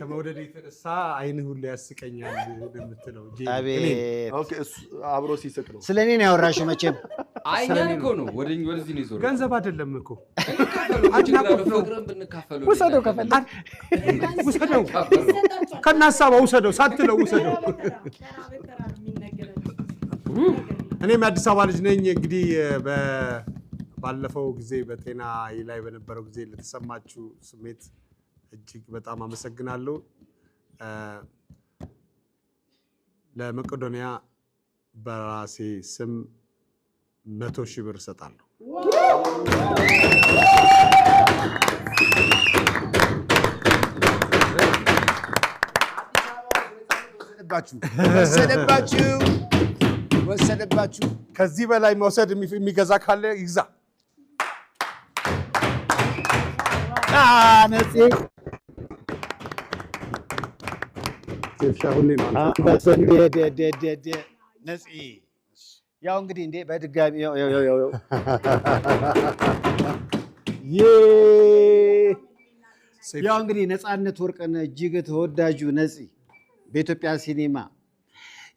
ከመውደድ የተነሳ አይን ሁሉ ያስቀኛል የምትለው አብሮ ሲስቅ ነው። ስለ እኔ ነው ያወራሽው። መቼም ገንዘብ አይደለም እኮ ውሰደው፣ ውሰደው፣ ውሰደው፣ ሳትለው ውሰደው። እኔም የአዲስ አበባ ልጅ ነኝ። እንግዲህ ባለፈው ጊዜ በጤና ላይ በነበረው ጊዜ ለተሰማችሁ ስሜት እጅግ በጣም አመሰግናለሁ። ለመቄዶንያ በራሴ ስም መቶ ሺህ ብር እሰጣለሁ። ወሰደባችሁ ወሰደባችሁ። ከዚህ በላይ መውሰድ የሚገዛ ካለ ይግዛ። ያው እንግዲህ እንዴ በድጋሚ ያው እንግዲህ ነፃነት ወርቅነህ እጅግ ተወዳጁ ነፂ በኢትዮጵያ ሲኒማ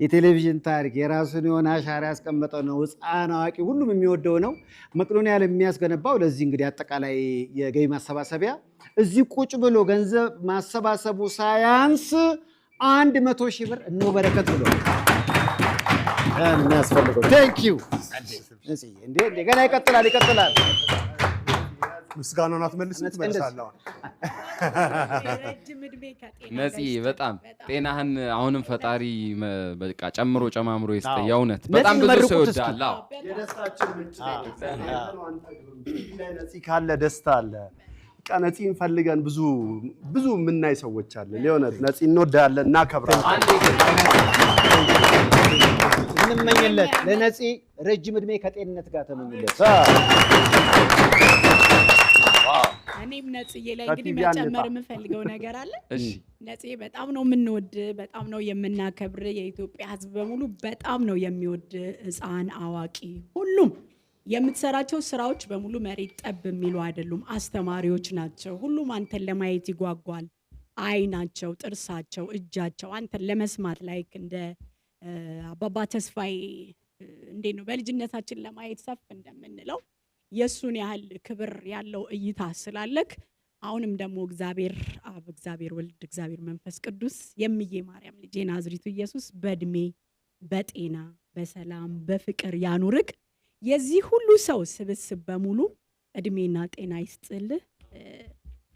የቴሌቪዥን ታሪክ የራሱን የሆነ አሻራ ያስቀመጠ ነው። ሕፃን አዋቂ ሁሉም የሚወደው ነው። መቄዶንያ የሚያስገነባው ለዚህ እንግዲህ አጠቃላይ የገቢ ማሰባሰቢያ እዚህ ቁጭ ብሎ ገንዘብ ማሰባሰቡ ሳያንስ አንድ መቶ ሺህ ብር እነ በረከት ብሎ የሚያስፈልገው ይቀጥላል ይቀጥላል። ምስጋናውን አትመልስም ትመልሳለህ። ነፂ በጣም ጤናህን አሁንም ፈጣሪ በቃ ጨምሮ ጨማምሮ ይስጥ። የእውነት በጣም ብዙ ሰው ይወዳል። ካለ ደስታ አለ በቃ ነፂን ፈልገን ብዙ ብዙ የምናይ ሰዎች አለን። የእውነት ነፂን እንወዳለን፣ እናከብራለን። እንመኝለት ለነፂ ረጅም እድሜ ከጤንነት ጋር ተመኝለት። እኔም ነጽዬ ላይ እንግዲህ መጨመር የምፈልገው ነገር አለ። ነጽዬ በጣም ነው የምንወድ፣ በጣም ነው የምናከብር። የኢትዮጵያ ሕዝብ በሙሉ በጣም ነው የሚወድ፣ ሕፃን አዋቂ ሁሉም የምትሰራቸው ስራዎች በሙሉ መሬት ጠብ የሚሉ አይደሉም። አስተማሪዎች ናቸው። ሁሉም አንተን ለማየት ይጓጓል። አይናቸው፣ ጥርሳቸው፣ እጃቸው አንተን ለመስማት ላይክ እንደ አባባ ተስፋዬ እንዴት ነው በልጅነታችን ለማየት ሰፍ እንደምንለው የእሱን ያህል ክብር ያለው እይታ ስላለክ አሁንም ደግሞ እግዚአብሔር አብ፣ እግዚአብሔር ወልድ፣ እግዚአብሔር መንፈስ ቅዱስ የምዬ ማርያም ልጄ ናዝሪቱ ኢየሱስ በእድሜ በጤና በሰላም በፍቅር ያኑርክ። የዚህ ሁሉ ሰው ስብስብ በሙሉ እድሜና ጤና ይስጥልህ።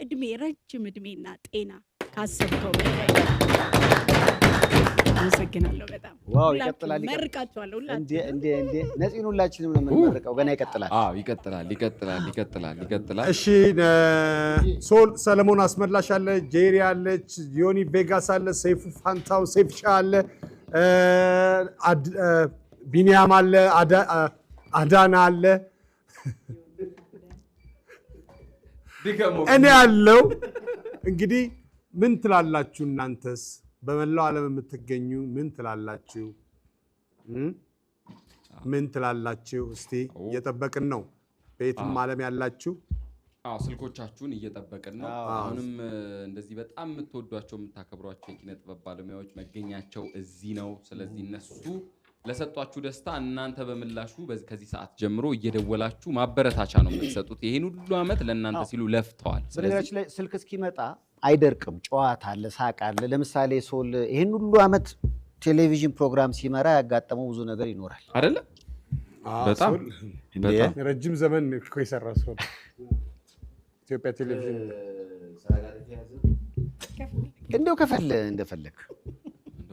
እድሜ ረጅም እድሜና ጤና ካሰብከው አመሰግናለሁ። በጣም ሁላችንም ነው የምንመርቀው። ገና ይቀጥላል። ይቀጥላል፣ ይቀጥላል፣ ይቀጥላል፣ ይቀጥላል። እሺ ሶል ሰለሞን አስመላሽ አለ፣ ጄሪ አለች፣ ዮኒ ቬጋስ አለ፣ ሰይፉ ፋንታው፣ ሴፍሻ አለ፣ ቢኒያም አለ አዳና አለ። እኔ ያለው እንግዲህ ምን ትላላችሁ? እናንተስ በመላው ዓለም የምትገኙ ምን ትላላችሁ? ምን ትላላችሁ? እስቲ እየጠበቅን ነው። በየትም ዓለም ያላችሁ ስልኮቻችሁን እየጠበቅን ነው። አሁንም እንደዚህ በጣም የምትወዷቸው የምታከብሯቸው የኪነ ጥበብ ባለሙያዎች መገኛቸው እዚህ ነው። ስለዚህ እነሱ ለሰጧችሁ ደስታ እናንተ በምላሹ ከዚህ ሰዓት ጀምሮ እየደወላችሁ ማበረታቻ ነው የምትሰጡት። ይህን ሁሉ ዓመት ለእናንተ ሲሉ ለፍተዋል። በነገራችን ላይ ስልክ እስኪመጣ አይደርቅም። ጨዋታ አለ፣ ሳቅ አለ። ለምሳሌ ሶል ይህን ሁሉ ዓመት ቴሌቪዥን ፕሮግራም ሲመራ ያጋጠመው ብዙ ነገር ይኖራል አይደለ? በጣም ረጅም ዘመን እኮ የሰራ ሰው ኢትዮጵያ ቴሌቪዥን እንደው ከፈለ እንደፈለግ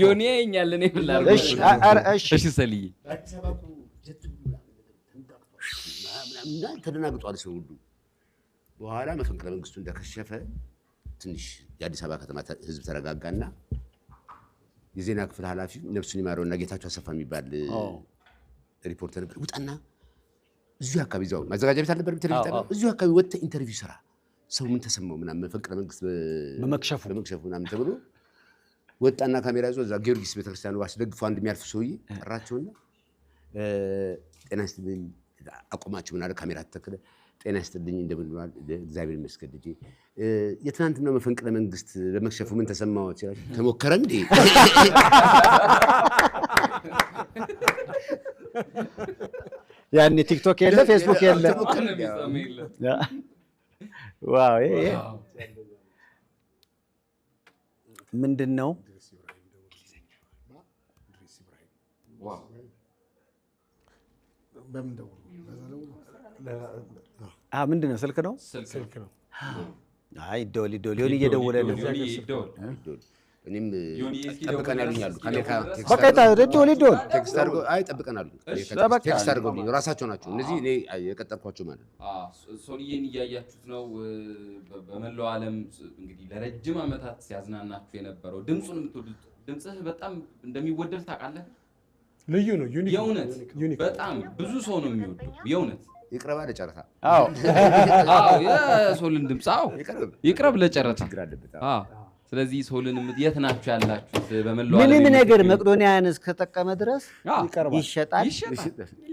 ዮኒ ያየኛል። እኔ እሺ ሰልዬ ተደናግጧል ሰው ሁሉ። በኋላ መፈንቅለ መንግስቱ እንደከሸፈ ትንሽ የአዲስ አበባ ከተማ ህዝብ ተረጋጋና የዜና ክፍል ኃላፊው ነብሱን ይማረውና ጌታቸው አሰፋ የሚባል ሪፖርተር ነበር። ውጣና እዚሁ አካባቢ እዚያው ማዘጋጃ ቤት አልነበር እዚሁ አካባቢ ወጥተህ ኢንተርቪው ስራ፣ ሰው ምን ተሰማው ምናምን መፈንቅለ መንግስት በመክሸፉ ምናምን ተብሎ ወጣና ካሜራ ይዞ እዛ ጊዮርጊስ ቤተክርስቲያን አስደግፎ አንድ የሚያልፍ ሰውዬ ጠራቸውና ጤና ይስጥልኝ አቆማቸው ምናለ ካሜራ ተተክለ ጤና ይስጥልኝ እንደምን ዋል እግዚአብሔር ይመስገን ልጄ የትናንትና መፈንቅለ መንግስት ለመክሸፉ ምን ተሰማዎት ሲላቸው ተሞከረ እንዴ ያኔ ቲክቶክ የለ ፌስቡክ የለ ምንድን ነው? ምንድን ነው? ስልክ ነው። አይ ዶሊ ዶሊ እየደወለ ነው እኔም ጠብቀን ያሉኝ አሉ። በቃ ቴክስት አድርገው አይ ጠብቀን አሉኝ። ቴክስት አድርገው ራሳቸው ናቸው እነዚህ እኔ የቀጠርኳቸው ማለት ነው። ሶልዬን እያያችሁት ነው። በመላው ዓለም እንግዲህ ለረጅም ዓመታት ሲያዝናናችሁ የነበረው ድምፁን የምትወዱት ድምፅህ በጣም እንደሚወደድ ታውቃለህ። ልዩ ነው። የእውነት በጣም ብዙ ሰው ነው የሚወደው የእውነት ይቅረብ አለ ጨረታ። አዎ የሶልን ድምፅ ይቅረብ ለጨረታ ስለዚህ ሶልንም የት ናችሁ ያላችሁት? በመለዋል ምንም ነገር መቅዶኒያን እስከተጠቀመ ድረስ ይሸጣል።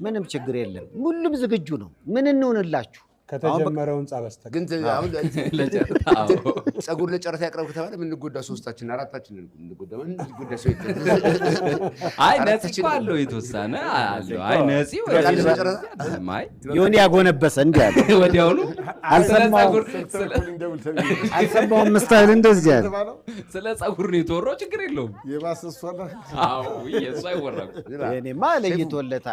ምንም ችግር የለም። ሁሉም ዝግጁ ነው። ምን እንሆንላችሁ? ከተጀመረው ህንፃ በስተቀር ግን ለጨረታ ያቅረብ ከተባለ የምንጎዳ ሶስታችን አራታችን እንጎዳ። አይ ነፂ እኮ አለው የተወሰነ አለው። አይ ነፂ ሆን ያጎነበሰ እንዲ ወዲያውኑ አልሰማሁም። ምስታይል እንደዚህ ያለ ስለ ነው የተወራው። ችግር የለውም። የባሰ እሷ ናት። እኔማ ለይቶለታል።